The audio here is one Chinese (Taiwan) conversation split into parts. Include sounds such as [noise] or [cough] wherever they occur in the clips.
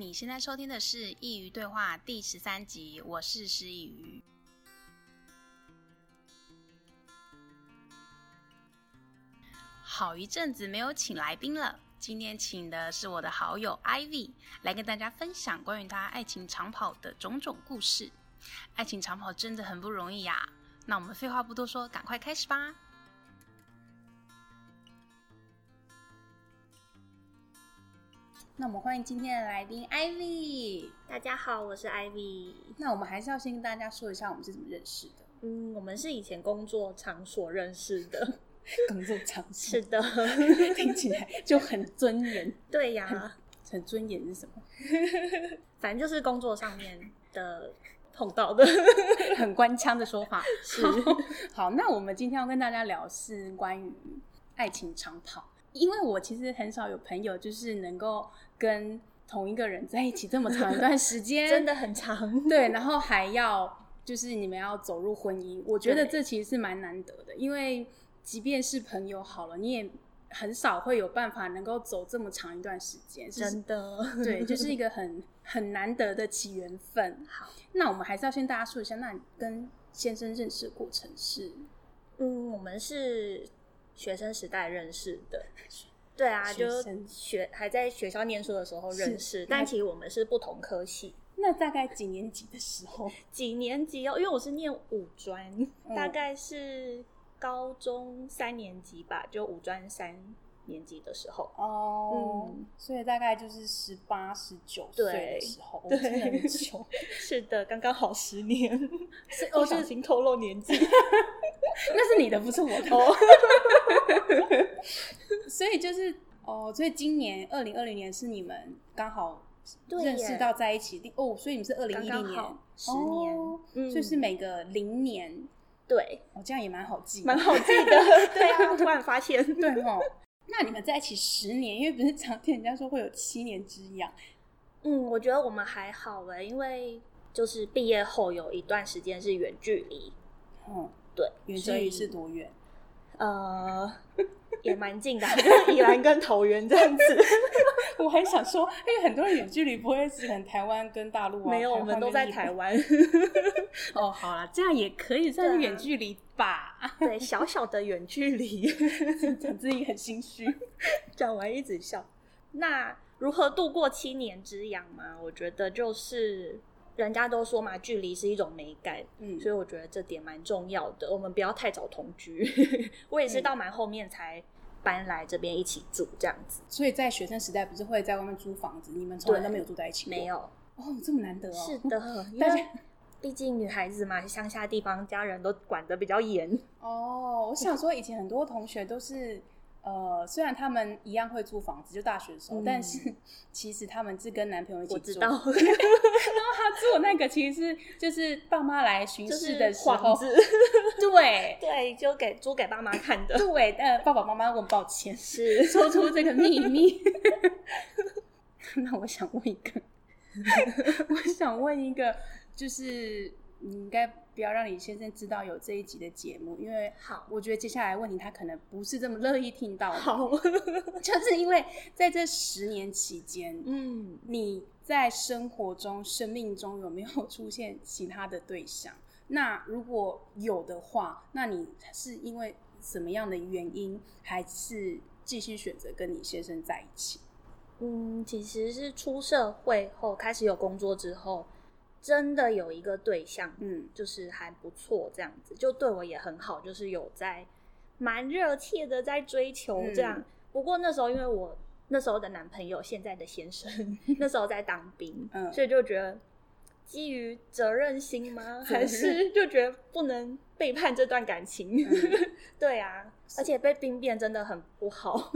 你現在收聽的是《佾萮對話》第十三集，我是師佾萮。好一陣子沒有請來賓了，今天請的是我的好友 Ivy 來跟大家分享關於他愛情長跑的種種故事。愛情長跑真的很不容易呀、啊，那我們廢話不多說，趕快開始吧。那我們歡迎今天的來賓 Ivy。大家好，我是 Ivy。那我們還是要先跟大家說一下我們是怎麼認識的。嗯，我們是以前工作場所認識的。工作場所？是的， [laughs] 聽起來就很尊嚴。對呀， [laughs] 很尊嚴是什麼？反正就是工作上面的碰到的， [laughs] 很官腔的說法。是。好。好，那我們今天要跟大家聊是關於愛情長跑，因為我其實很少有朋友就是能夠。跟同一個人在一起這麼長一段時間， [laughs] 真的很長。對， [laughs] 然後還要就是你們要走入婚姻，我覺得這其實是蠻難得的，因為即便是朋友好了，你也很少會有辦法能夠走這麼長一段時間。真的， [laughs] 對，就是一個很很難得的起緣分。好，那我們還是要先大家說一下，那你跟先生認識的過程是？嗯，我們是學生時代認識的。對啊，學就學還在學校念書的時候認識，但其實我們是不同科系。那大概幾年級的時候？ [laughs] 幾年級哦？因為我是念五專，嗯，大概是高中三年級吧，就五專三。年紀的時候哦、oh, 嗯，所以大概就是十八、十九歲的時候，對，真的很久， [laughs] 是的，剛剛好十年。不小心透露年紀，是哦、是 [laughs] 那是你的，不是我的。 [laughs] [laughs] 所以就是哦，所以今年二零二零年，是你們剛好認識到在一起第哦，所以你們是二零一零年剛剛十年，就、哦嗯、是每個零年對哦，這樣也蠻好記，蠻好記得。 [laughs] 對啊， [laughs] 突然發現對吼、哦。那你們在一起十年，因為不是常聽人家說會有七年之癢？嗯，我覺得我們還好誒，因為就是畢業後有一段時間是遠距離。嗯，對，遠距離是多遠？呃。 [laughs] 也蠻近的，啊， [laughs] 宜蘭跟桃園這樣子。 [laughs] 我還想說，哎、欸，很多人遠距離不會是可能台灣跟大陸啊？沒有，我們都在台灣。 [laughs] 哦，好啦，這樣也可以算是遠距離吧，對啊？對，小小的遠距離。講 [laughs] 自己很心虛，講 [laughs] 完一直笑。那如何度過七年之癢嗎？我覺得就是。人家都說嘛，距離是一種美感，嗯，所以我覺得這點蠻重要的。我們不要太早同居， [laughs] 我也是到蠻後面才搬來這邊一起住這樣子、嗯。所以在學生時代不是會在外面租房子，你們從來都沒有住在一起，沒有哦，這麼難得哦，是的，因為畢竟女孩子嘛，鄉下地方家人都管得比較嚴哦。我想說，以前很多同學都是。呃，雖然他們一樣會租房子，就大學的時候，嗯、但是其實他們是跟男朋友一起住。然後他住的那個其實是就是爸媽來巡視的時候，就是、房子對對，就給租給爸媽看的。對，但爸爸媽媽我很抱歉是說出這個秘密。 [laughs] [laughs] 那我想問一個， [laughs] [laughs] 我想問一個，就是。你應該不要讓你先生知道有這一集的節目，因為我覺得接下來問你，他可能不是這麼樂意聽到的。好， [laughs] 就是因為在這十年期間，嗯，嗯，你在生活中、生命中有沒有出現其他的對象？那如果有的話，那你是因為什麼樣的原因，還是繼續選擇跟你先生在一起？嗯，其實是出社會後開始有工作之後。真的有一個對象，嗯，就是還不錯，這樣子就對我也很好，就是有在蠻熱切的在追求這樣。嗯、不過那時候，因為我那時候的男朋友現在的先生那時候在當兵，嗯，所以就覺得基於責任心嗎， [laughs] 還是就覺得不能背叛這段感情？嗯、 [laughs] 對啊，而且被兵變真的很不好。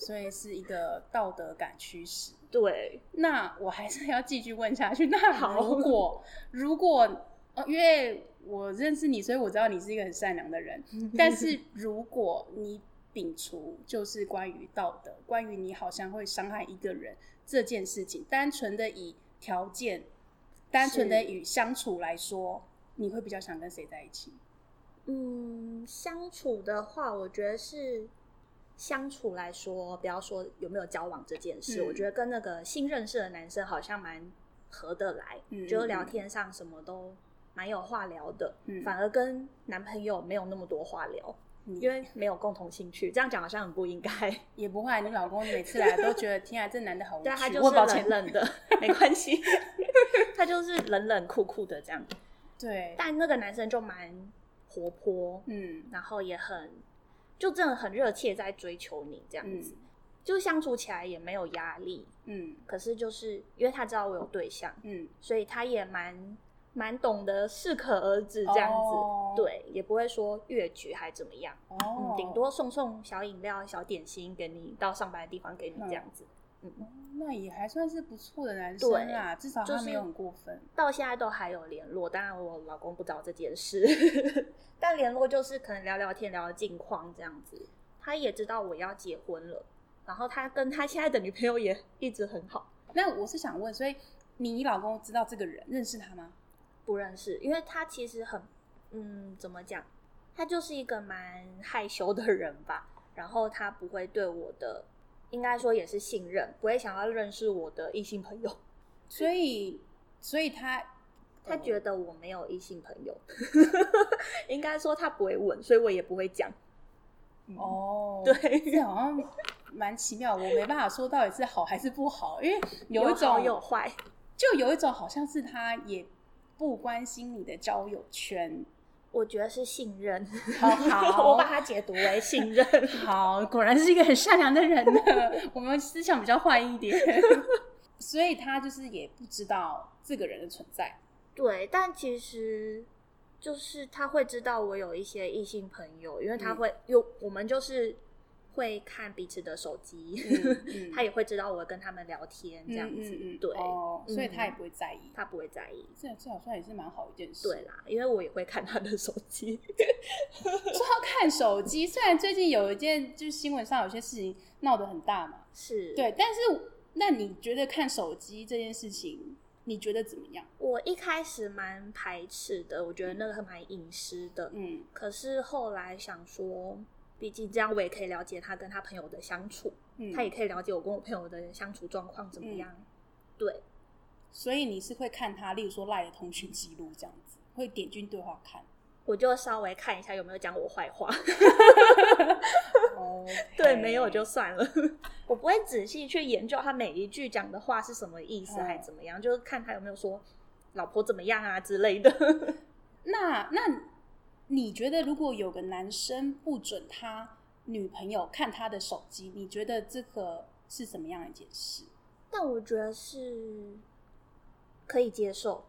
所以是一個道德感驅使。對，那我還是要繼續問下去。那如果好，如果，呃，因為我認識你，所以我知道你是一個很善良的人。 [laughs] 但是如果你摒除就是關於道德，關於你好像會傷害一個人這件事情，單純的以條件，單純的與相處來說，你會比較想跟誰在一起？嗯，相處的話，我覺得是。相處來說，不要說有沒有交往這件事，嗯、我覺得跟那個新認識的男生好像蠻合得來，嗯、就是、聊天上什麼都蠻有話聊的、嗯。反而跟男朋友沒有那麼多話聊，嗯、因為沒有共同興趣。這樣講好像很不應該， [laughs] 也不會。你老公每次來都覺得天啊，這男的好無趣，我抱歉，冷，冷的 [laughs] 沒關係係， [laughs] 他就是冷冷酷酷的這樣。對，但那個男生就蠻活潑，嗯，然後也很。就真的很熱切在追求你這樣子、嗯，就相處起來也沒有壓力。嗯，可是就是因為他知道我有對象，嗯，所以他也蠻蠻懂得適可而止這樣子、哦，對，也不會說越矩還怎麼樣哦、嗯。哦，頂多送送小飲料、小點心給你到上班的地方給你這樣子、嗯。嗯，那也還算是不錯的男生啦，至少他沒有很過分。就是，到現在都還有聯絡，當然我老公不知道這件事， [laughs] 但聯絡就是可能聊聊天，聊得近況這樣子。他也知道我要結婚了，然後他跟他現在的女朋友也一直很好。那我是想問，所以你老公知道這個人認識他嗎？不認識，因為他其實很嗯，怎麼講？他就是一個蠻害羞的人吧，然後他不會對我的。應該說也是信任，不會想要認識我的異性朋友，所以，所以他他覺得我沒有異性朋友，oh. [laughs] 應該說他不會問，所以我也不會講。哦，oh，對，這好像蠻奇妙， [laughs] 我沒辦法說到底是好還是不好，因為有一種有壞，就有一種好像是他也不關心你的交友圈。我覺得是信任，好，好， [laughs] 我把他解讀為、欸、信任。 [laughs] 好，果然是一個很善良的人呢。 [laughs] 我們思想比較壞一點， [laughs] 所以他就是也不知道這個人的存在。對，但其實就是他會知道我有一些異性朋友，因為他會有我們就是。會看彼此的手機，嗯嗯、 [laughs] 他也會知道我跟他們聊天、嗯、這樣子，嗯、對、哦，所以他也不會在意，嗯、他不會在意，這至少算也是蠻好一件事。對啦，因為我也會看他的手機， [laughs] 說到看手機， [laughs] 雖然最近有一件就是新聞上有些事情鬧得很大嘛，是對，但是那你覺得看手機這件事情，你覺得怎麼樣？我一開始蠻排斥的，我覺得那個蠻隱私的，嗯，可是後來想說。畢竟這樣，我也可以了解他跟他朋友的相處，嗯、他也可以了解我跟我朋友的相處狀況怎麼樣、嗯。對，所以你是會看他，例如說賴的通訊記錄這樣子，會點進對話看。我就稍微看一下有沒有講我壞話。哦 [laughs] [laughs] ，Okay. 對，沒有就算了。 [laughs] 我不會仔細去研究他每一句講的話是什麼意思、嗯，還怎麼樣，就是看他有沒有說老婆怎麼樣啊之類的。那 [laughs] 那。那你覺得如果有個男生不准他女朋友看他的手機，你覺得這個是什麼樣一件事？但我覺得是可以接受，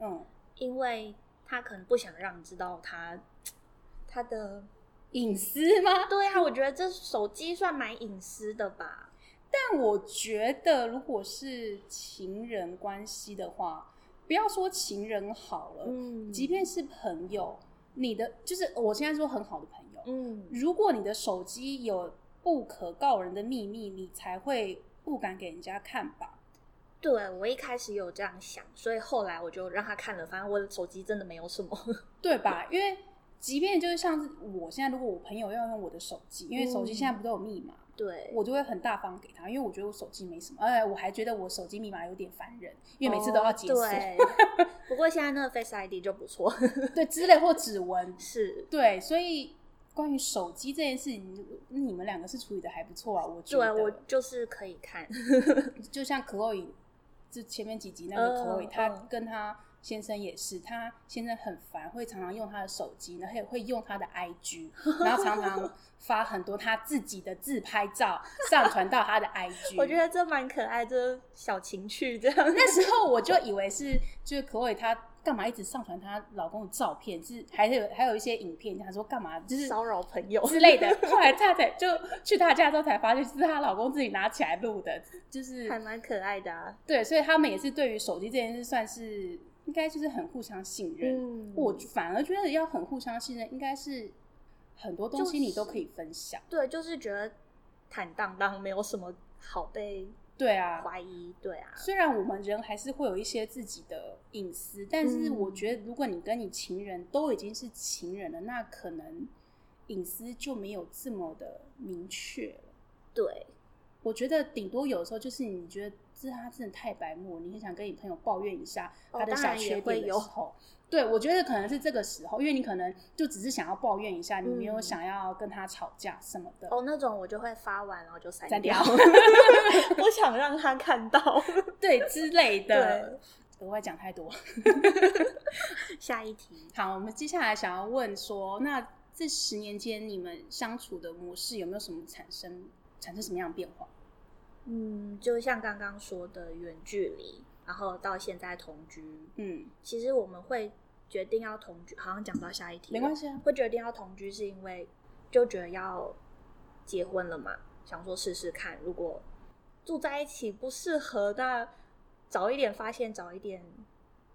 嗯，因為他可能不想讓你知道他他的隱私嗎？對啊，我覺得這手機算蠻隱私的吧。但我覺得如果是情人關係的話，不要說情人好了，嗯，即便是朋友。你的就是我現在說很好的朋友，嗯，如果你的手機有不可告人的秘密，你才會不敢給人家看吧？對，我一開始有這樣想，所以後來我就讓他看了，反正我的手機真的沒有什麼對，對吧？因為即便就是像是我現在，如果我朋友要用我的手機，因為手機現在不都有密碼？嗯對我就會很大方給他，因為我覺得我手機沒什麼，哎，我還覺得我手機密碼有點煩人，因為每次都要解鎖。Oh, 對， [laughs] 不過現在那個 Face ID 就不錯，對，之類或指紋 [laughs] 是對，所以關於手機這件事情、嗯，你們兩個是處理的還不錯啊。我覺得對、啊、我就是可以看， [laughs] 就像 Chloe，就前面幾集那個 Chloe，他、oh, 跟他、oh.。先生也是，他先生很煩，會常常用他的手機，然後也會用他的 IG，然後常常發很多他自己的自拍照 [laughs] 上傳到他的 IG。 [laughs] 我覺得這蠻可愛的，這、就是、小情趣這樣。那時候我就以為是， [laughs] 就是可偉他幹嘛一直上傳他老公的照片，是還有還有一些影片，他說幹嘛就是騷擾朋友 [laughs] 之類的。後來他才，就去他的家之後才發現是她老公自己拿起來錄的，就是還蠻可愛的啊。對，所以他們也是對於手機這件事算是。應該就是很互相信任，嗯。我反而覺得要很互相信任，應該是很多東西你都可以分享。就是，對，就是覺得坦荡蕩，沒有什麼好被懷對啊懷疑對啊。雖然我們人還是會有一些自己的隱私，但是我覺得如果你跟你情人都已經是情人了，那可能隱私就沒有這麼的明確了。對，我覺得頂多有的時候就是你覺得。是，他真的太白目了，你很想跟你朋友抱怨一下他的小缺點，哦、會有時。對，我覺得可能是這個時候，因為你可能就只是想要抱怨一下，嗯、你沒有想要跟他吵架什麼的。哦，那種我就會發完然後就刪掉，不 [laughs] [laughs] 想讓他看到，對之類的，不會講太多。 [laughs] 下一題，好，我們接下來想要問說，那這十年間你們相處的模式有沒有什麼產生，產生什麼樣的變化？嗯，就像剛剛說的遠距離，然後到現在同居，嗯，其實我們會決定要同居，好像講到下一題。沒關係啊，會決定要同居是因為就覺得要結婚了嘛，想說試試看，如果住在一起不適合，那早一點發現，早一點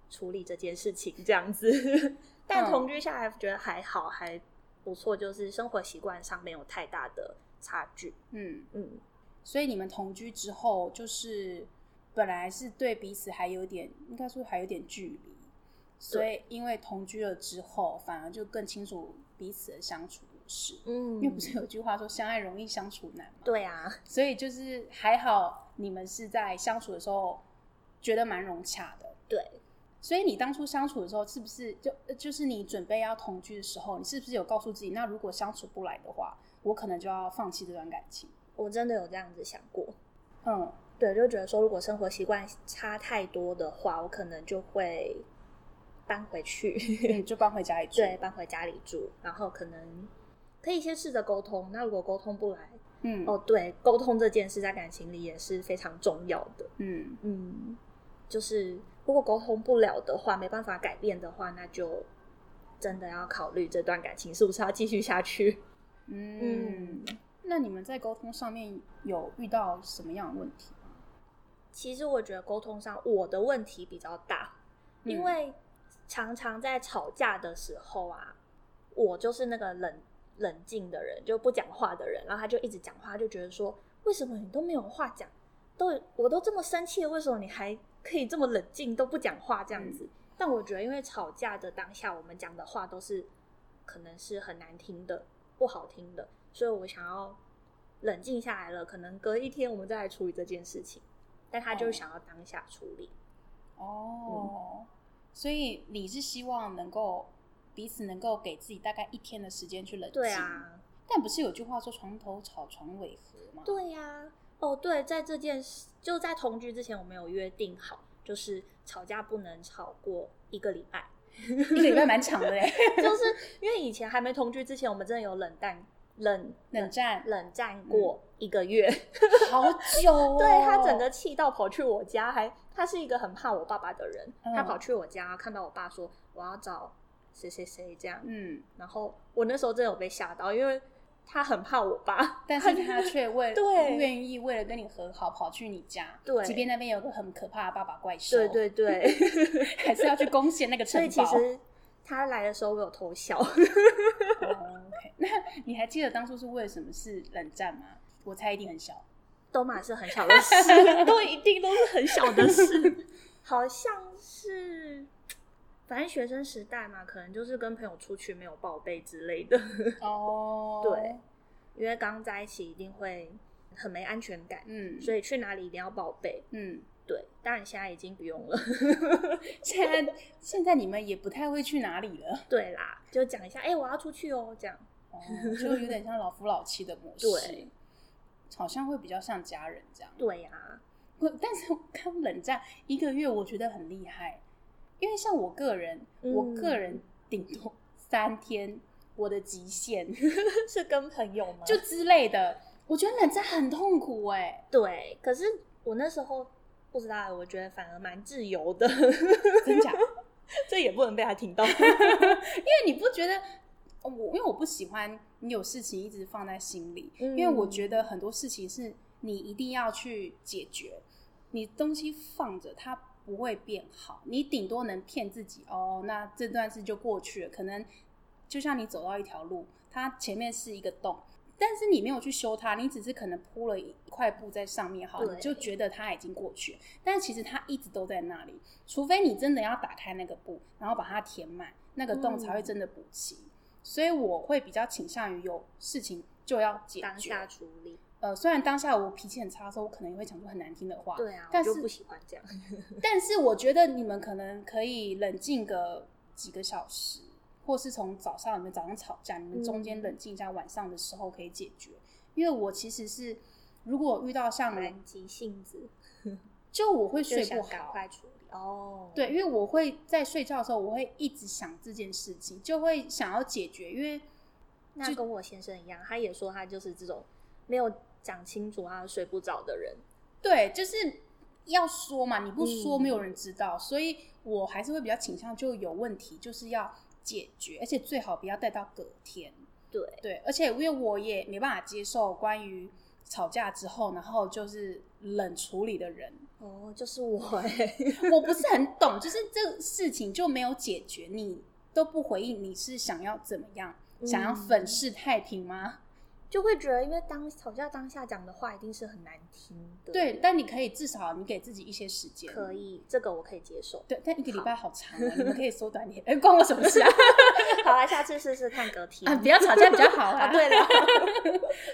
處理這件事情這樣子。 [laughs] 但同居下來覺得還好，嗯、還不錯，就是生活習慣上沒有太大的差距。嗯嗯。所以你們同居之後，就是本來是對彼此還有點，應該說還有點距離。所以因為同居了之後，反而就更清楚彼此的相處模式。嗯，因為不是有句話說“相愛容易，相處難”嗎？對啊，所以就是還好你們是在相處的時候覺得蠻融洽的。對，所以你當初相處的時候，是不是就就是你準備要同居的時候，你是不是有告訴自己，那如果相處不來的話，我可能就要放棄這段感情？我真的有這樣子想過，嗯，對，就覺得說，如果生活習慣差太多的話，我可能就會搬回去， [laughs] 就搬回家裡住，對，搬回家裡住，然後可能可以先試着溝通。那如果溝通不來，嗯，哦，對，溝通這件事在感情裡也是非常重要的，嗯嗯，就是如果溝通不了的話，沒辦法改變的話，那就真的要考慮這段感情是不是要繼續下去，嗯。嗯那你們在溝通上面有遇到什麼樣的問題嗎？其實我覺得溝通上我的問題比較大。嗯，因為常常在吵架的時候啊，我就是那個冷冷靜的人，就不講話的人，然後他就一直講話，就覺得說為什麼你都沒有話講，都我都這麼生氣了，為什麼你還可以這麼冷靜都不講話這樣子？嗯。但我覺得因為吵架的當下，我們講的話都是可能是很難聽的、不好聽的。所以我想要冷靜下來了，可能隔一天我們再來處理這件事情。但他就是想要當下處理。哦、oh. oh. 嗯，所以你是希望能夠彼此能夠給自己大概一天的時間去冷靜。對啊，但不是有句話說“床頭吵，床尾和”嗎？對呀、啊。哦、oh,，對，在這件事就在同居之前，我們有約定好，就是吵架不能吵過一個禮拜。 [laughs] 一個禮拜蠻長的耶， [laughs] 就是因為以前還沒同居之前，我們真的有冷淡。冷冷戰，冷戰過一個月，嗯、好久、哦、 [laughs] 對，他整個氣到跑去我家，還他是一個很怕我爸爸的人，嗯、他跑去我家看到我爸說我要找誰誰誰這樣，嗯。然後我那時候真的有被嚇到，因為他很怕我爸，但是他卻為他對不願意為了跟你和好跑去你家，對，即便那邊有個很可怕的爸爸怪獸，對對對，對， [laughs] 還是要去攻陷那個城堡。 [laughs] 所以其實他來的時候我有偷笑。 [laughs] 那 [laughs] 你還記得當初是為了什麼事冷戰嗎？我猜一定很小，都嘛是很小的事，都 [laughs] [laughs] 一定都是很小的事， [laughs] 好像是，反正學生時代嘛，可能就是跟朋友出去沒有報備之類的。哦、oh.，對，因為剛在一起一定會很沒安全感，嗯，所以去哪裡一定要報備，嗯，對，當然現在已經不用了， [laughs] 現在 [laughs] 現在你們也不太會去哪裡了，對啦，就講一下，哎、欸，我要出去哦、喔，這樣。 [laughs] 就有點像老夫老妻的模式，好像會比較像家人這樣。對呀、啊，我但是他冷戰一個月，我覺得很厲害，因為像我個人，我個人頂多三天，我的極限 [laughs] 是跟朋友嘛，就之類的，我覺得冷戰很痛苦哎、欸。對，可是我那時候不知道，我覺得反而蠻自由的， [laughs] 真假？ [laughs] 這也不能被他聽到 [laughs] [laughs] 因為你不覺得？我因為我不喜歡你有事情一直放在心裡，嗯，因為我覺得很多事情是你一定要去解決。你東西放着它不會變好，你頂多能騙自己哦，那這段事就過去了。可能就像你走到一條路，它前面是一個洞，但是你沒有去修它，你只是可能鋪了一塊布在上面，好了，你就覺得它已經過去。但其實它一直都在那裡，除非你真的要打開那個布，然後把它填滿，那個洞才會真的補齊。嗯所以我會比較傾向於有事情就要解決，當下處理。呃，雖然當下我脾氣很差的時候，我可能也會講出很難聽的話，對啊，但是我不喜歡這樣。 [laughs] 但是我覺得你們可能可以冷靜個幾個小時，或是從早上你們早上吵架，你們中間冷靜一下，晚上的時候可以解決。嗯。因為我其實是如果遇到像急性子， [laughs] 就我會睡不好。哦、oh.，對，因為我會在睡覺的時候，我會一直想這件事情，就會想要解決。因為就那跟我先生一樣，他也說他就是這種沒有講清楚，他睡不着的人。對，就是要說嘛，你不說，沒有人知道。Mm -hmm. 所以我還是會比較傾向就有問題，就是要解決，而且最好不要帶到隔天。對、mm -hmm. 對，而且因為我也沒辦法接受關於。吵架之後，然後就是冷處理的人哦，就是我、欸、 [laughs] 我不是很懂，就是這事情就沒有解決，你都不回應，你是想要怎麼樣？嗯、想要粉飾太平嗎？就會覺得，因為當吵架當下講的話一定是很難聽的。對，但你可以至少你給自己一些時間。可以，這個我可以接受。對，但一個禮拜好長啊，你們可以縮短點。哎、 [laughs] 欸，關我什麼事啊？ [laughs] 好啊，下次試試看隔天。啊，不要吵架比較好啊。 [laughs] 啊對了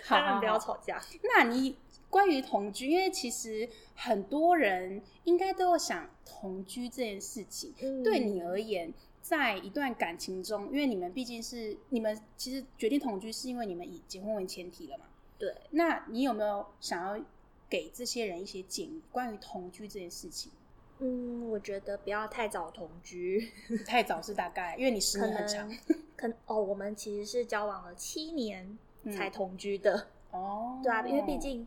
好 [laughs] 當然不要吵架好好好。那你關於同居，因為其實很多人應該都想同居這件事情，嗯、對你而言。在一段感情中，因為你們畢竟是你們，其實決定同居是因為你們以結婚為前提了嘛？對。那你有沒有想要給這些人一些建議？關於同居這件事情？嗯，我覺得不要太早同居。太早是大概， [laughs] 因為你時間很長。可，可哦，我們其實是交往了七年才同居的。哦、嗯。對啊，因為畢竟、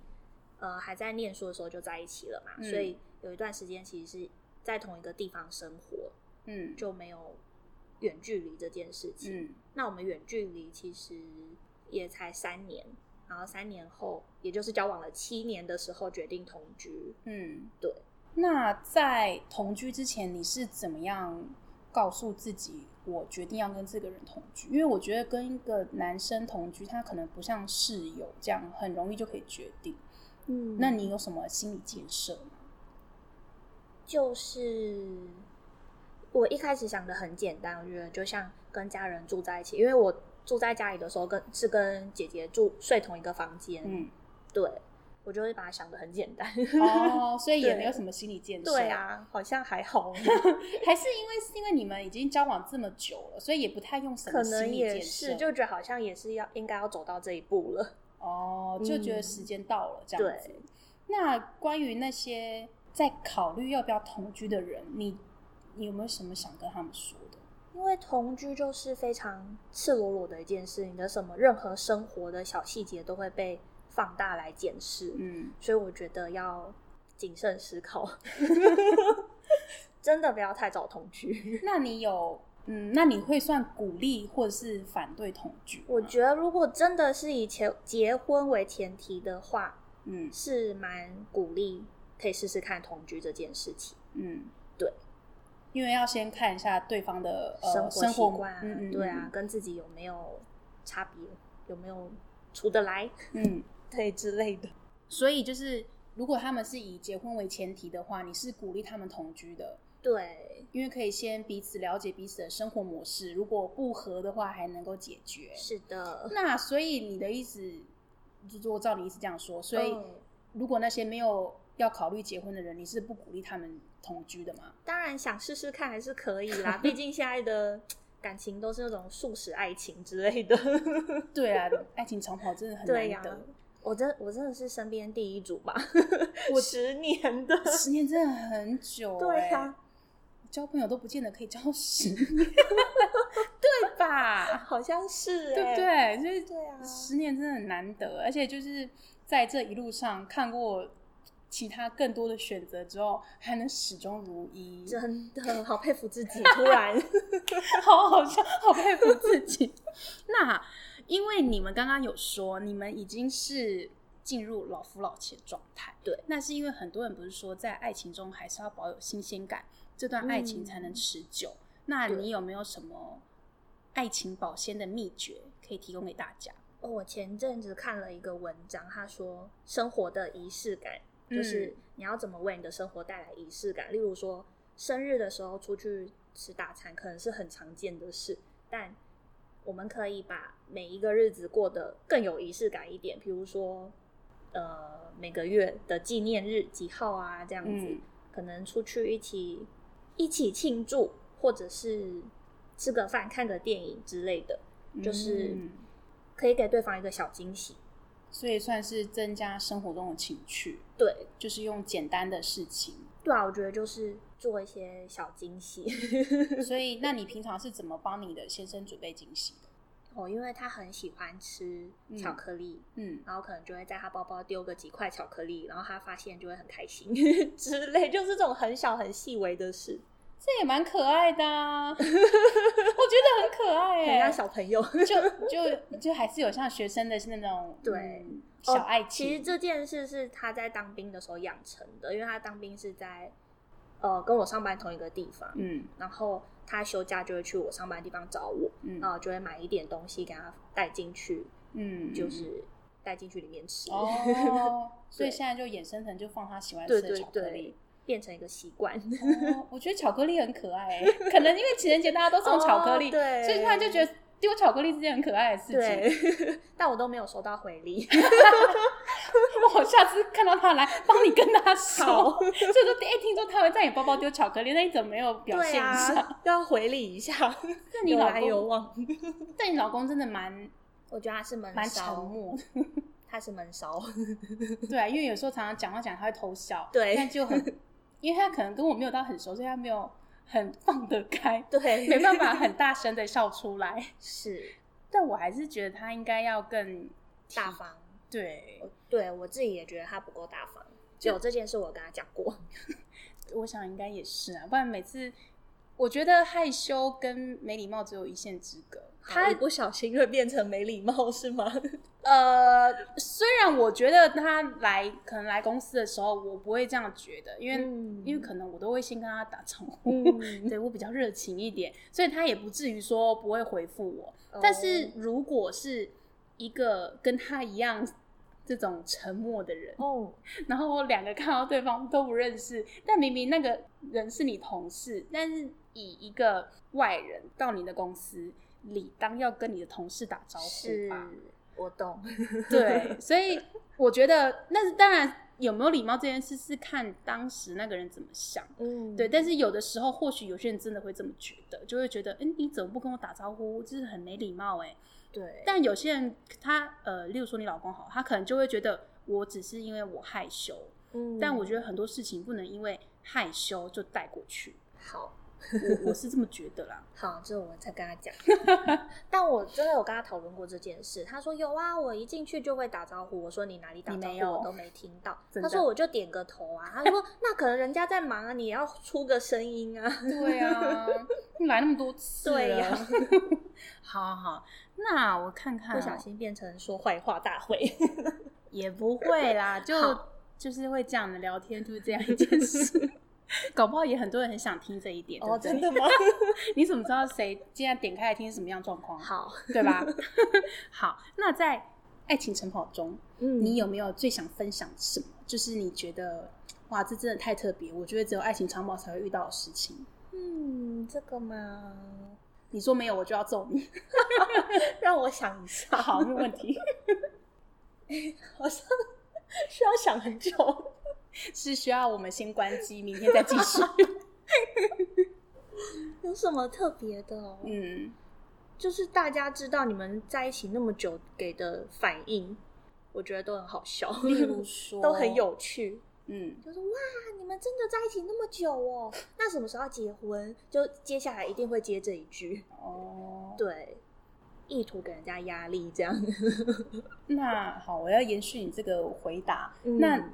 哦、呃還在念書的時候就在一起了嘛，嗯、所以有一段時間其實是在同一個地方生活，嗯，就沒有。遠距離這件事情，嗯、那我們遠距離其實也才三年，然後三年後，也就是交往了七年的時候決定同居。嗯，對。那在同居之前，你是怎麼樣告訴自己我決定要跟這個人同居？因為我覺得跟一個男生同居，他可能不像室友這樣很容易就可以決定。嗯，那你有什麼心理建設嗎？就是。我一開始想的很簡單，我覺得就像跟家人住在一起，因為我住在家裡的時候跟是跟姐姐住睡同一個房間，嗯，對，我就會把它想的很簡單，哦，所以也沒有什麼心理建設，對啊，好像還好， [laughs] 還是因為是因為你們已經交往這麼久了，所以也不太用什麼心理建設，可能也是，就覺得好像也是要應該要走到這一步了，哦，就覺得時間到了、嗯、這樣子。對，那關於那些在考慮要不要同居的人，你。你有沒有什麼想跟他們說的？因為同居就是非常赤裸裸的一件事，你的什麼任何生活的小細節都會被放大來檢視。嗯，所以我覺得要謹慎思考， [laughs] 真的不要太早同居。那你有嗯，那你會算鼓勵或是反對同居？我覺得如果真的是以前結婚為前提的話，嗯，是蠻鼓勵可以試試看同居這件事情。嗯，對。因為要先看一下對方的呃生活習慣嗯嗯嗯，對啊，跟自己有沒有差別，有沒有處得來，嗯，對之類的。所以就是，如果他們是以結婚為前提的話，你是鼓勵他們同居的，對，因為可以先彼此了解彼此的生活模式，如果不合的話，還能夠解決。是的。那所以你的意思、嗯，就我照你意思這樣說，所以如果那些沒有。要考慮結婚的人，你是不鼓勵他們同居的嗎？當然，想試試看還是可以啦。 [laughs] 畢竟現在的感情都是那種速食愛情之類的。 [laughs] 對啊，愛情長跑真的很難得。啊、我真我真的是身邊第一組吧，我十， [laughs] 十年的，十年真的很久、欸。對啊，交朋友都不見得可以交十年， [laughs] [laughs] 對吧？好像是、欸，對對，所以對十年真的很難得、啊，而且就是在這一路上看過。其他更多的選擇之後，還能始終如一，真的好佩服自己。突然， [laughs] 好好笑，好佩服自己。 [laughs] 那因為你們剛剛有說，你們已經是進入老夫老妻的狀態，對？那是因為很多人不是說在愛情中還是要保有新鮮感，這段愛情才能持久。嗯、那你有沒有什麼愛情保鮮的秘訣可以提供給大家？我前陣子看了一個文章，他說生活的儀式感。就是你要怎麼為你的生活帶來儀式感？例如說，生日的時候出去吃大餐可能是很常見的事，但我們可以把每一個日子過得更有儀式感一點。比如說，呃，每個月的紀念日幾號啊？這樣子、嗯，可能出去一起一起慶祝，或者是吃個飯、看個電影之類的，就是可以給對方一個小驚喜。所以算是增加生活中的情趣，對，就是用簡單的事情。對啊，我覺得就是做一些小驚喜。所以，那你平常是怎麼幫你的先生準備驚喜的？哦，因為他很喜歡吃巧克力，嗯，嗯，然後可能就會在他包包丟個幾塊巧克力，然後他發現就會很開心之類，就是這種很小很細微的事。這也蠻可愛的、啊， [laughs] 我覺得很可愛哎、欸。人家小朋友就就就還是有像學生的是那種對、嗯、小愛情、哦、其實這件事是他在當兵的時候養成的，因為他當兵是在呃跟我上班同一個地方，嗯，然後他休假就會去我上班的地方找我，嗯、然後就會買一點東西給他帶進去，嗯，就是帶進去裡面吃。嗯、 [laughs] 哦，所以現在就衍生成就放他喜歡吃的巧克力。對對對對變成一個習慣。Oh, 我覺得巧克力很可愛、欸，可能因為情人節大家都送巧克力，oh, 對所以突然就覺得丟巧克力是件很可愛的事情。 [laughs] 但我都沒有收到回禮， [laughs] [laughs] 我下次看到他來幫你跟他說。 [laughs] 所以說，第、欸、一聽說他會在你包包丟巧克力，那你怎麼沒有表現一下、啊、要回禮一下？那你老公，那你老公真的蠻，我覺得他是悶燒木，他是悶燒。對、啊，因為有時候常常講話講，他會偷笑，對，那就很。因為他可能跟我沒有到很熟，所以他沒有很放得開，對，沒辦法很大聲的笑出來。 [laughs] 是，但我還是覺得他應該要更大方。對，對我自己也覺得他不夠大方。就這件事，我有跟他講過， [laughs] 我想應該也是啊，不然每次。我覺得害羞跟沒禮貌只有一線之隔，他不小心會變成沒禮貌是嗎？ [laughs] 呃，雖然我覺得他來可能來公司的時候，我不會這樣覺得，因為、嗯、因為可能我都會先跟他打招呼，嗯、 [laughs] 對我比較熱情一點，所以他也不至於說不會回覆我、哦。但是如果是一個跟他一樣這種沉默的人，嗯、哦，然後我兩個看到對方都不認識，但明明那個人是你同事，但是。以一個外人到你的公司，理當要跟你的同事打招呼吧。是，我懂， [laughs] 對，所以我覺得，那是當然有沒有禮貌這件事是看當時那個人怎麼想。嗯，對，但是有的時候，或許有些人真的會這麼覺得，就會覺得，哎、欸，你怎麼不跟我打招呼，這、就是很沒禮貌哎。對，但有些人他呃，例如說你老公好，他可能就會覺得我只是因為我害羞。嗯，但我覺得很多事情不能因為害羞就帶過去。好。我我是這麼覺得啦。好，這我才跟他講。 [laughs] 但我真的有跟他討論過這件事。他說有啊，我一進去就會打招呼。我說你哪裡打招呼？沒有，我都沒聽到。他說我就點個頭啊。他說那可能人家在忙啊，你也要出個聲音啊。對啊， [laughs] 你來那麼多次。對呀、啊。 [laughs] 好好，那我看看喔，不小心變成說壞話大會， [laughs] 也不會啦。就就是會這樣的聊天，就是這樣一件事。 [laughs] 搞不好也很多人很想聽這一點哦，對對，真的嗎？ [laughs] 你怎麼知道誰現在點開來聽是什麼樣狀況？好，對吧？ [laughs] 好，那在愛情長跑中，嗯，你有沒有最想分享什麼？就是你覺得哇，這真的太特別，我覺得只有愛情長跑才會遇到的事情。嗯，這個嘛，你說沒有，我就要揍你。 [laughs] [laughs] 讓我想一下，好，沒、那個、問題。好 [laughs] 像 [laughs] 需要想很久。是需要我們先關機，明天再繼續。 [laughs] 有什麼特別的？嗯，就是大家知道你們在一起那麼久給的反應，我覺得都很好笑，例如說都很有趣。嗯，就是哇，你們真的在一起那麼久哦？那什麼時候要結婚？就接下來一定會接這一句哦。對，意圖給人家壓力這樣。那好，我要延續你這個回答。嗯、那。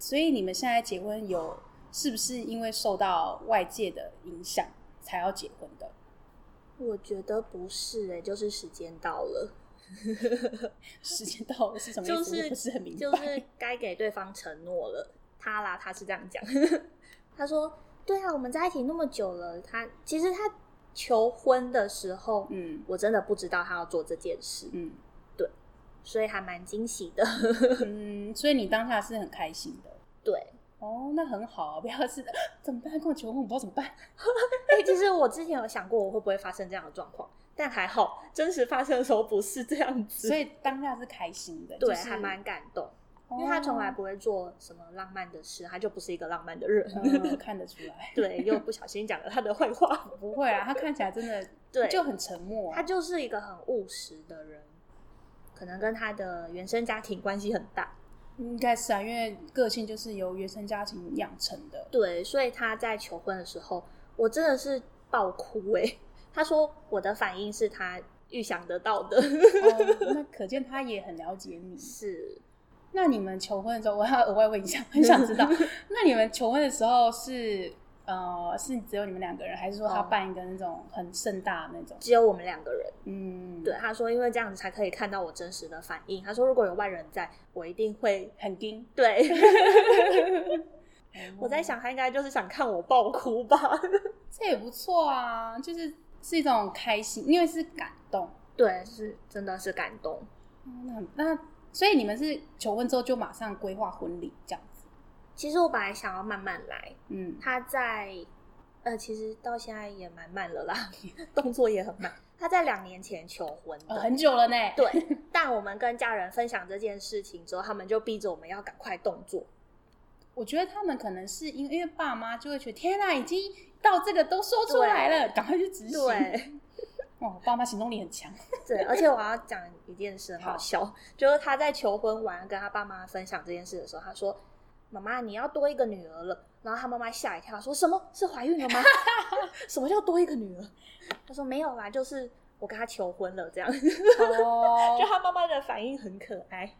所以你們現在結婚有是不是因為受到外界的影響才要結婚的？我覺得不是欸，就是時間到了。 [laughs] 時間到了是什麼意思，就是？不是很明白。就是該給對方承諾了。他啦，他是這樣講。 [laughs] 他說：“對啊，我們在一起那麼久了，他其實他求婚的時候，嗯，我真的不知道他要做這件事。”嗯。所以還蠻驚喜的，嗯，所以你當下是很開心的， [laughs] 對，哦，那很好，不要是怎麼辦？跟我求婚，我不知道怎麼辦。哎、 [laughs] 欸，其實我之前有想過，我會不會發生這樣的狀況，但還好，真實發生的時候不是這樣子，所以當下是開心的，對，就是、還蠻感動、哦，因為他從來不會做什麼浪漫的事，他就不是一個浪漫的人，嗯、 [laughs] 看得出來，對，又不小心講了他的壞話， [laughs] 不會啊，他看起來真的， [laughs] 對，就很沉默、啊，他就是一個很務實的人。可能跟他的原生家庭關係很大，應該是啊，因為個性就是由原生家庭養成的。對，所以他在求婚的時候，我真的是爆哭誒、欸、他說我的反應是他預想得到的，嗯 [laughs] 嗯、那可見他也很了解你。是，那你們求婚的時候，我要額外問一下，很想知道， [laughs] 那你們求婚的時候是。呃，是只有你們兩個人，還是說他辦一個那種很盛大的那種？只有我們兩個人。嗯，對，他說，因為這樣子才可以看到我真實的反應。他說，如果有外人在，我一定會很驚。對， [laughs] [laughs] [laughs] 我在想，他應該就是想看我爆哭吧？這也不錯啊，就是是一種開心，因為是感動。對，是真的是感動。那那，所以你們是求婚之後就馬上規劃婚禮，這樣？其實我本來想要慢慢來，嗯，他在，呃，其實到現在也蠻慢了啦，動作也很慢。他在兩年前求婚，呃，很久了呢。對，但我們跟家人分享這件事情之後，他們就逼着我們要趕快動作。我覺得他們可能是因為，因為爸媽就會覺得天哪，啊，已經到這個都說出來了，趕快去執行。對，哦，我爸媽行動力很強。對，而且我要講一件事很好笑好，就是他在求婚完跟他爸媽分享這件事的時候，他說。媽媽，你要多一個女兒了。然後他媽媽嚇一跳，說什麼是懷孕了嗎？ [laughs] 什麼叫多一個女兒？他說沒有啦，就是我跟她求婚了這樣。Oh. 就他媽媽的反應很可愛，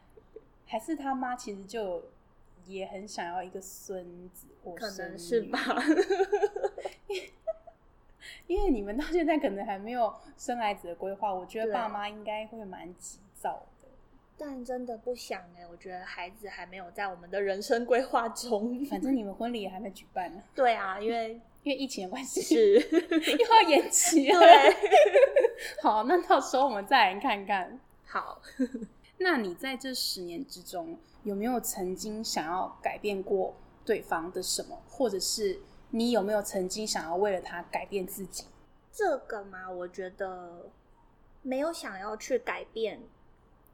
還是他媽其實就也很想要一個孫子或孫女？我可能是吧。 [laughs] [laughs] 因為你們到現在可能還沒有生孩子的規劃，我覺得爸媽應該會蠻急躁。但真的不想哎、欸，我覺得孩子還沒有在我們的人生規劃中。反正你們婚禮也還沒舉辦呢、啊。 [laughs] 對啊，因為因為疫情的關係 [laughs] 又要延期了。 [laughs] 好，那到時候我們再來看看。好。 [laughs] 那你在這十年之中，有沒有曾經想要改變過對方的什麼，或者是你有沒有曾經想要為了他改變自己？這個嘛，我覺得沒有想要去改變。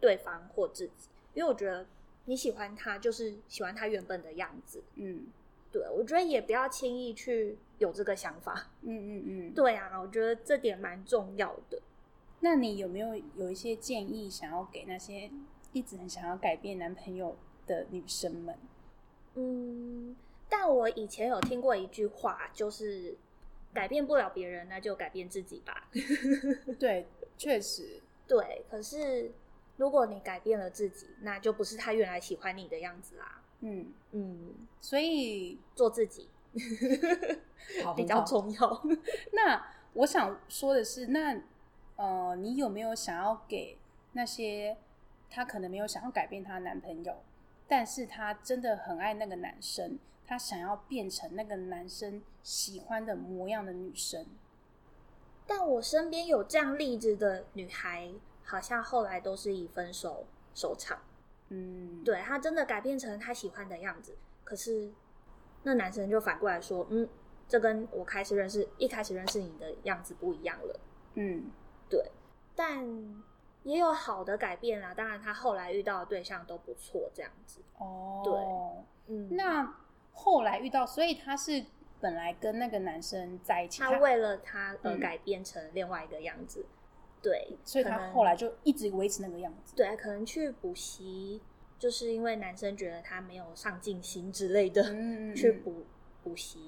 對方或自己，因為我覺得你喜歡他就是喜歡他原本的樣子。嗯，對，我覺得也不要輕易去有這個想法。嗯嗯嗯，對啊，我覺得這點蠻重要的。那你有沒有有一些建議想要給那些一直很想要改變男朋友的女生們？嗯，但我以前有聽過一句話，就是改變不了別人，那就改變自己吧。 [laughs] 對，確實，對，可是。如果你改變了自己，那就不是他原來喜歡你的樣子啦、啊。嗯嗯，所以做自己，好 [laughs] 比較重要。 [laughs] 那我想說的是，那呃，你有沒有想要給那些他可能沒有想要改變她男朋友，但是她真的很愛那個男生，她想要變成那個男生喜歡的模樣的女生，但我身邊有這樣例子的女孩。好像後來都是以分手收場，嗯，對，他真的改變成他喜歡的樣子，可是那男生就反過來說，嗯，這跟我開始認識，一開始認識你的樣子不一樣了，嗯，對，但也有好的改變啦。當然，他後來遇到的對象都不錯，這樣子，哦，對，嗯，那後來遇到，所以他是本來跟那個男生在一起，他為了他而改變成另外一個樣子。嗯對，所以他後來就一直維持那個樣子。對，可能去補習，就是因為男生覺得他沒有上進心之類的，嗯、去補補習。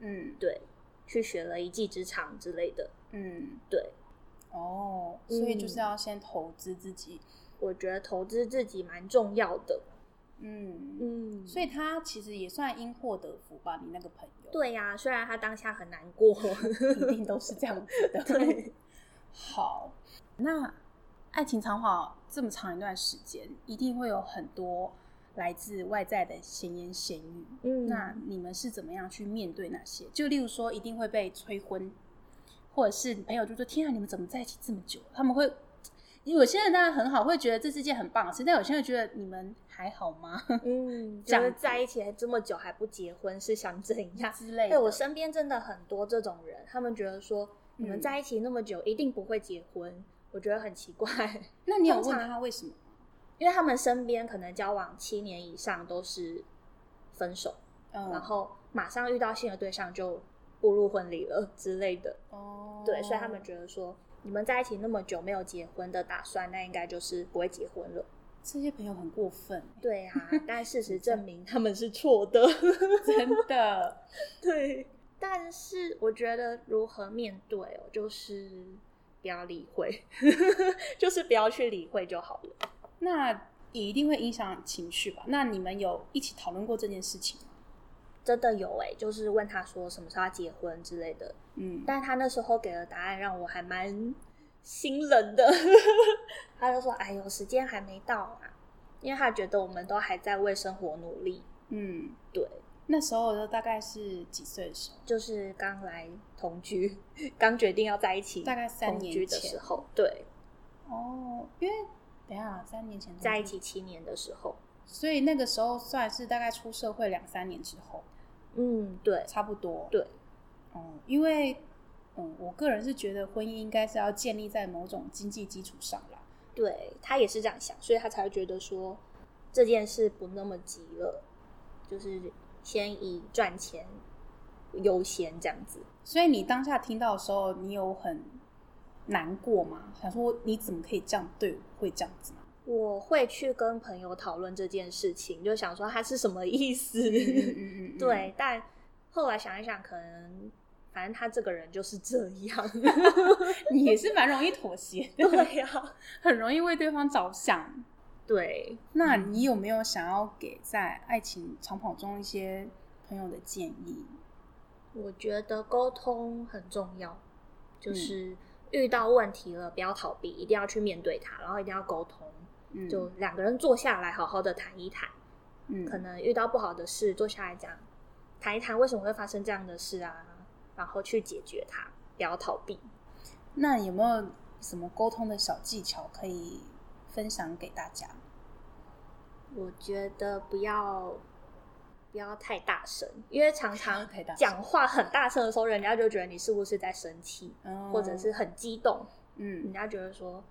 嗯，對，去學了一技之長之類的。嗯，對。哦，所以就是要先投資自己、嗯。我覺得投資自己蠻重要的。嗯嗯，所以他其實也算因禍得福吧。你那個朋友，對呀、啊，雖然他當下很難過， [laughs] 一定都是這樣子的。對。好，那愛情長跑這麼長一段時間，一定會有很多來自外在的閒言閒語。嗯，那你們是怎麼樣去面對那些？就例如說，一定會被催婚，或者是朋友、哎、就說：“天啊，你們怎麼在一起這麼久？”他們會，因為我現在當然很好，會覺得這世界很棒，實在但我現在覺得，你們還好嗎？嗯，這在一起這麼久還不結婚，是想怎樣之類的？對我身邊真的很多這種人，他們覺得說。你們在一起那麼久，一定不會結婚，我覺得很奇怪。那你有問他為什麼？因為他們身邊可能交往七年以上都是分手，Oh. 然後馬上遇到新的對象就步入婚禮了之類的。Oh. 對，所以他們覺得說，你們在一起那麼久沒有結婚的打算，那應該就是不會結婚了。這些朋友很過分欸。對啊，但事實證明他們是錯的， [laughs] 真的。 [laughs] 對。但是我覺得如何面對哦，就是不要理會， [laughs] 就是不要去理會就好了。那也一定會影響情緒吧？那你們有一起討論過這件事情嗎？真的有哎、欸，就是問他說什麼時候要結婚之類的。嗯，但他那時候給的答案讓我還蠻心冷的。 [laughs] 他就說：“哎呦，時間還沒到啊，因為他覺得我們都還在為生活努力。”嗯，對。那時候我就大概是幾歲的時候，就是剛來同居，剛決定要在一起同居，大概三年前的時候，對，哦，因為等下三年前在一起七年的時候，所以那個時候算是大概出社會兩三年之後，嗯，對，差不多，對，嗯，因為嗯，我個人是覺得婚姻應該是要建立在某種經濟基礎上啦，對，他也是這樣想，所以他才覺得說這件事不那麼急了，就是。先以賺錢優先這樣子，所以你當下聽到的時候，你有很難過嗎、嗯？想說你怎麼可以這樣對我，會這樣子嗎？我會去跟朋友討論這件事情，就想說他是什麼意思。嗯、對、嗯，但後來想一想，可能反正他這個人就是這樣， [laughs] 你也是蠻容易妥協的，對呀、啊，很容易為對方着想。對，那你有沒有想要給在愛情長跑中一些朋友的建議？我覺得溝通很重要，就是遇到問題了不要逃避，一定要去面對它，然後一定要溝通。嗯，就兩個人坐下來，好好的談一談。嗯，可能遇到不好的事，坐下來講，談一談為什麼會發生這樣的事啊，然後去解決它，不要逃避。那有沒有什麼溝通的小技巧可以？分享給大家，我覺得不要不要太大聲，因為常常講話很大聲的時候，人家就覺得你是不是在生氣，哦、或者是很激動。嗯，人家覺得說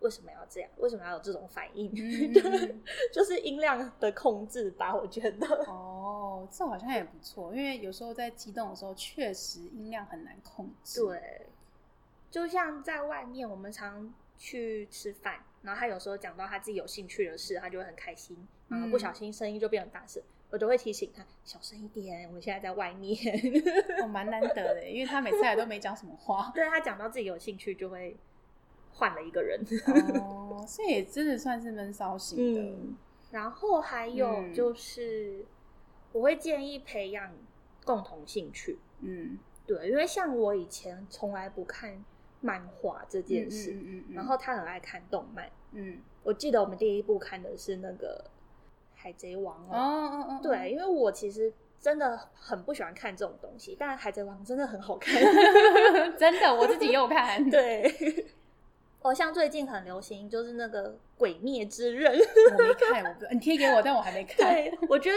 為什麼要這樣，為什麼要有這種反應？嗯嗯 [laughs] 就是音量的控制吧，我覺得。哦，這好像也不錯，因為有時候在激動的時候，確實音量很難控制。對，就像在外面，我們常去吃飯。然後他有時候講到他自己有興趣的事，他就會很開心，然後不小心聲音就變成大聲、嗯，我都會提醒他小聲一點。我現在在外面，我、哦、蠻難得的， [laughs] 因為他每次來都沒講什麼話。對他講到自己有興趣，就會換了一個人。哦，所以也真的算是悶騷型的，嗯。然後還有就是，嗯、我會建議培養共同興趣。嗯，對，因為像我以前從來不看。漫畫這件事、嗯嗯嗯嗯，然後他很愛看動漫。嗯，我記得我們第一部看的是那個《海賊王》哦。哦哦哦，對、嗯，因為我其實真的很不喜歡看這種東西，但《海賊王》真的很好看， [laughs] 真的我自己有看。 [laughs] 對，好像最近很流行，就是那個《鬼滅之刃》，我沒看，我你貼給我，但我還沒看。我覺得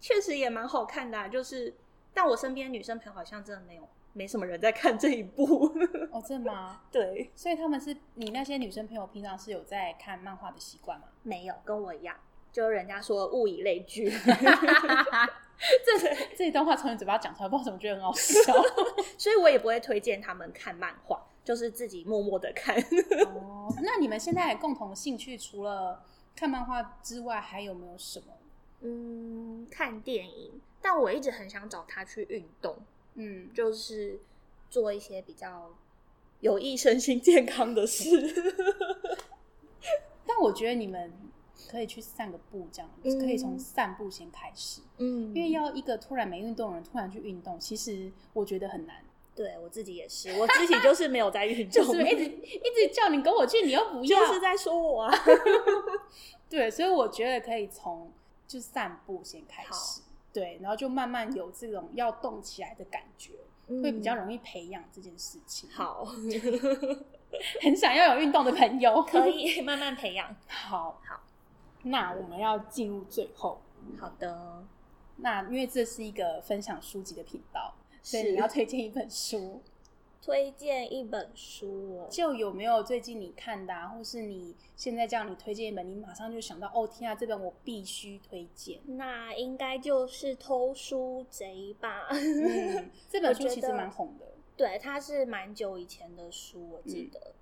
確實也蠻好看的、啊，就是但我身邊女生朋友好像真的沒有。沒什麼人在看這一部哦？真的嗎？對，所以他們是你那些女生朋友平常是有在看漫畫的習慣嗎？沒有，跟我一樣，就人家說物以類聚。 [laughs] [laughs] 這這一段話從你嘴巴講出來，不知道怎麼覺得很好笑。 [laughs] 所以我也不會推薦他們看漫畫，就是自己默默的看、 [laughs] 哦。那你們現在共同興趣除了看漫畫之外，還有沒有什麼？嗯，看電影。但我一直很想找他去運動。嗯，就是做一些比較有益身心健康的事。嗯、 [laughs] 但我覺得你們可以去散個步，這樣子、嗯、可以從散步先開始。嗯，因為要一個突然沒運動的人突然去運動，其實我覺得很難。對，我自己也是，我自己就是沒有在運動， [laughs] 就一直一直叫你跟我去，你又不要，就是在說我啊， [laughs] 對，所以我覺得可以從就散步先開始。對，然後就慢慢有這種要動起來的感覺，嗯、會比較容易培養這件事情。好， [laughs] [laughs] 很想要有運動的朋友，可以慢慢培養。好，好，那我們要進入最後。好的、嗯，那因為這是一個分享書籍的頻道，所以你要推薦一本書。推薦一本書，就有沒有最近你看的、啊，或是你現在叫你推薦一本，你馬上就想到哦，天啊，這本我必須推薦。那應該就是《偷書賊》吧、嗯？這本書其實蠻紅的。對，它是蠻久以前的書，我記得、嗯。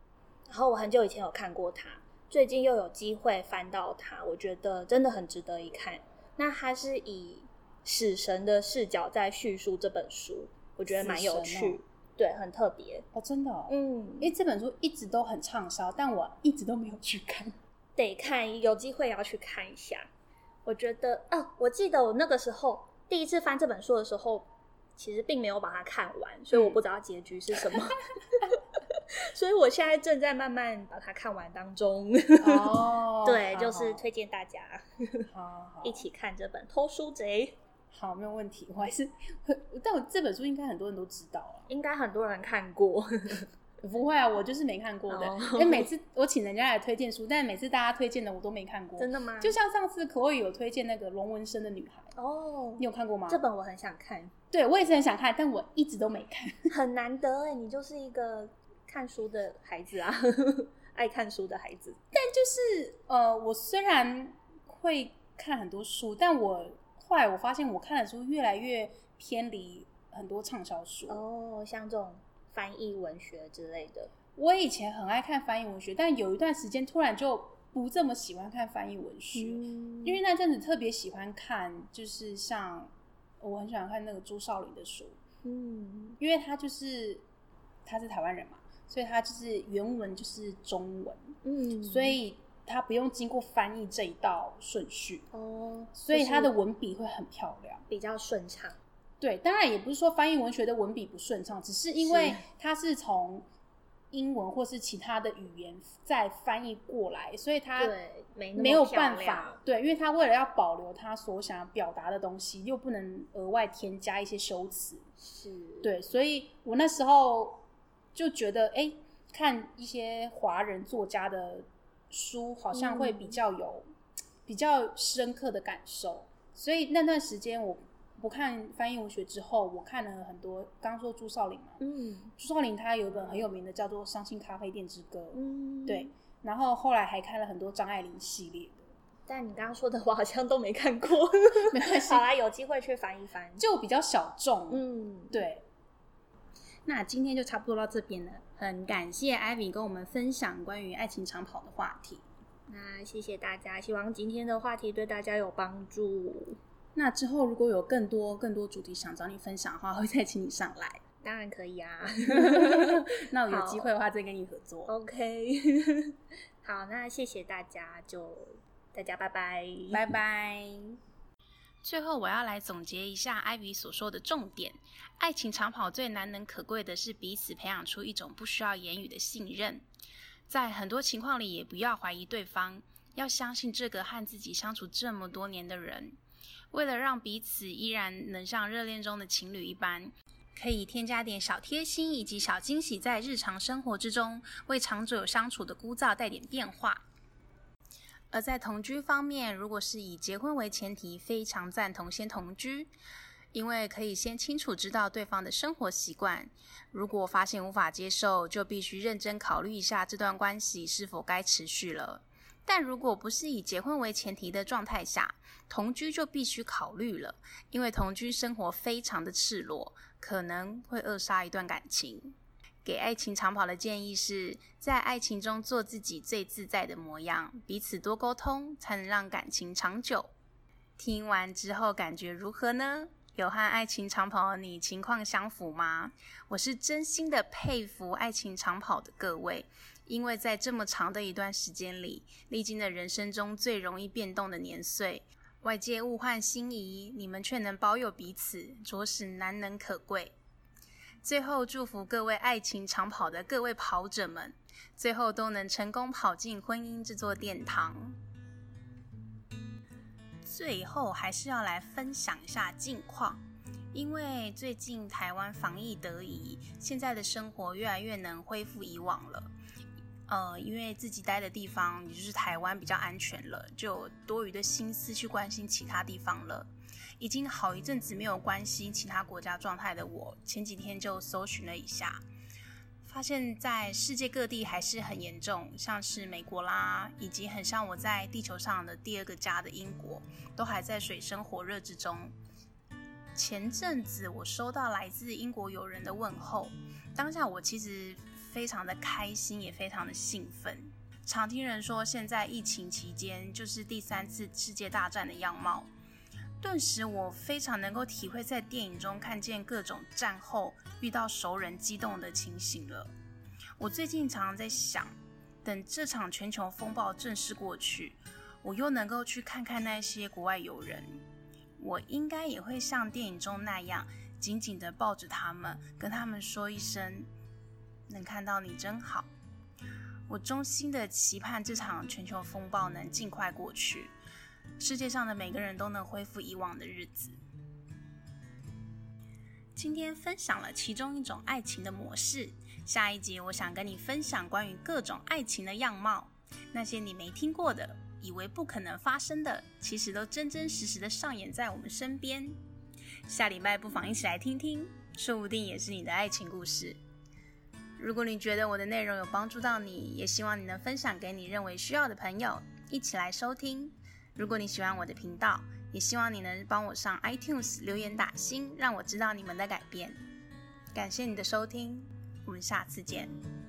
然後我很久以前有看過它，最近又有機會翻到它，我覺得真的很值得一看。那它是以死神的視角在敘述這本書，我覺得蠻有趣。對，很特別哦，真的、哦，嗯，因為這本書一直都很暢銷，但我一直都沒有去看，得看，有機會也要去看一下。我覺得，哦、啊，我記得我那個時候第一次翻這本書的時候，其實並沒有把它看完，所以我不知道結局是什麼。嗯、 [laughs] [laughs] 所以我現在正在慢慢把它看完當中。哦、oh, [laughs] 對，就是推薦大家好好 [laughs] 一起看這本《偷書賊》。好，沒有問題。我還是，但我這本書應該很多人都知道啊。應該很多人看過， [laughs] 不會啊，我就是沒看過的。Oh. 每次我請人家來推薦書，但每次大家推薦的我都沒看過。真的嗎？就像上次可可有推薦那個《龍紋身的女孩》哦、oh.，你有看過嗎？這本我很想看，對我也是很想看，但我一直都沒看。 [laughs] 很難得哎、欸，你就是一個看書的孩子啊， [laughs] 愛看書的孩子。但就是呃，我雖然會看很多書，但我。後來我發現我看的書越來越偏離，很多暢銷書哦，像這種翻譯文學之類的。我以前很愛看翻譯文學，但有一段時間突然就不這麼喜歡看翻譯文學。嗯，因為那陣子特別喜歡看，就是像我很喜歡看那個朱少麟的書，嗯，因為他就是他是台灣人嘛，所以他就是原文就是中文，嗯，所以。他不用經過翻譯這一道順序，哦，所以他的文筆會很漂亮，比較順暢。對，當然也不是說翻譯文學的文筆不順暢，只是因為他是從英文或是其他的語言再翻譯過來，所以他，沒沒有辦法對。對，因為他為了要保留他所想表達的東西，又不能額外添加一些修辭，是對，所以我那時候就覺得，哎、欸，看一些華人作家的。書好像會比較有比較深刻的感受，嗯、所以那段時間我不看翻譯文學之後，我看了很多。剛說朱少林嘛、啊，嗯，朱少林他有一本很有名的叫做《傷心咖啡店之歌》，嗯，對。然後後來還看了很多張愛玲系列的，但你剛剛說的我好像都沒看過， [laughs] 沒關係。好啦，有機會去翻一翻，就比較小眾，嗯，對。那今天就差不多到這邊了。很感謝 Ivy 跟我們分享關於愛情長跑的話題。那謝謝大家，希望今天的話題對大家有幫助。那之後如果有更多更多主題想找你分享的話，我會再請你上來。當然可以啊。 [laughs] [laughs] 那我有機會的話再跟你合作。OK。 [laughs] 好，那謝謝大家，就大家拜拜，拜拜。最後，我要來總結一下 Ivy 所說的重點。愛情長跑最難能可貴的是彼此培養出一種不需要言語的信任，在很多情況裡也不要懷疑對方，要相信這個和自己相處這麼多年的人。為了讓彼此依然能像熱戀中的情侶一般，可以添加點小貼心以及小驚喜在日常生活之中，為長久相處的枯燥帶點變化。而在同居方面，如果是以結婚為前提，非常贊同先同居，因為可以先清楚知道對方的生活習慣。如果發現無法接受，就必須認真考慮一下這段關係是否該持續了。但如果不是以結婚為前提的狀態下，同居就必須考慮了，因為同居生活非常的赤裸，可能會扼殺一段感情。給愛情長跑的建議是，在愛情中做自己最自在的模樣，彼此多溝通，才能讓感情長久。聽完之後感覺如何呢？有和愛情長跑的你情況相符嗎？我是真心的佩服愛情長跑的各位，因為在這麼長的一段時間裡，歷經了人生中最容易變動的年歲，外界物換星移，你們卻能保有彼此，着實難能可貴。最後祝福各位愛情長跑的各位跑者們，最後都能成功跑進婚姻這座殿堂。最後還是要來分享一下近況，因為最近台灣防疫得宜，現在的生活越來越能恢復以往了。呃，因為自己待的地方也就是台灣比較安全了，就有多餘的心思去關心其他地方了。已經好一陣子沒有關心其他國家狀態的我，前幾天就搜尋了一下，發現在世界各地還是很嚴重，像是美國啦，以及很像我在地球上的第二個家的英國，都還在水深火熱之中。前陣子我收到來自英國友人的問候，當下我其實非常的開心，也非常的興奮。常聽人說，現在疫情期間就是第三次世界大戰的樣貌。頓時，我非常能夠體會在電影中看見各種戰後遇到熟人激動的情形了。我最近常常在想，等這場全球風暴正式過去，我又能夠去看看那些國外友人，我應該也會像電影中那樣緊緊地抱着他們，跟他們說一聲：“能看到你真好。”我衷心地期盼這場全球風暴能盡快過去。世界上的每個人都能恢復以往的日子。今天分享了其中一種愛情的模式。下一集我想跟你分享關於各種愛情的樣貌，那些你沒聽過的，以為不可能發生的，其實都真真實實的上演在我們身邊。下禮拜不妨一起來聽聽，說不定也是你的愛情故事。如果你覺得我的內容有幫助到你，也希望你能分享給你認為需要的朋友，一起來收聽。如果你喜歡我的頻道，也希望你能幫我上 iTunes 留言打星，讓我知道你們的改變。感謝你的收聽，我們下次見。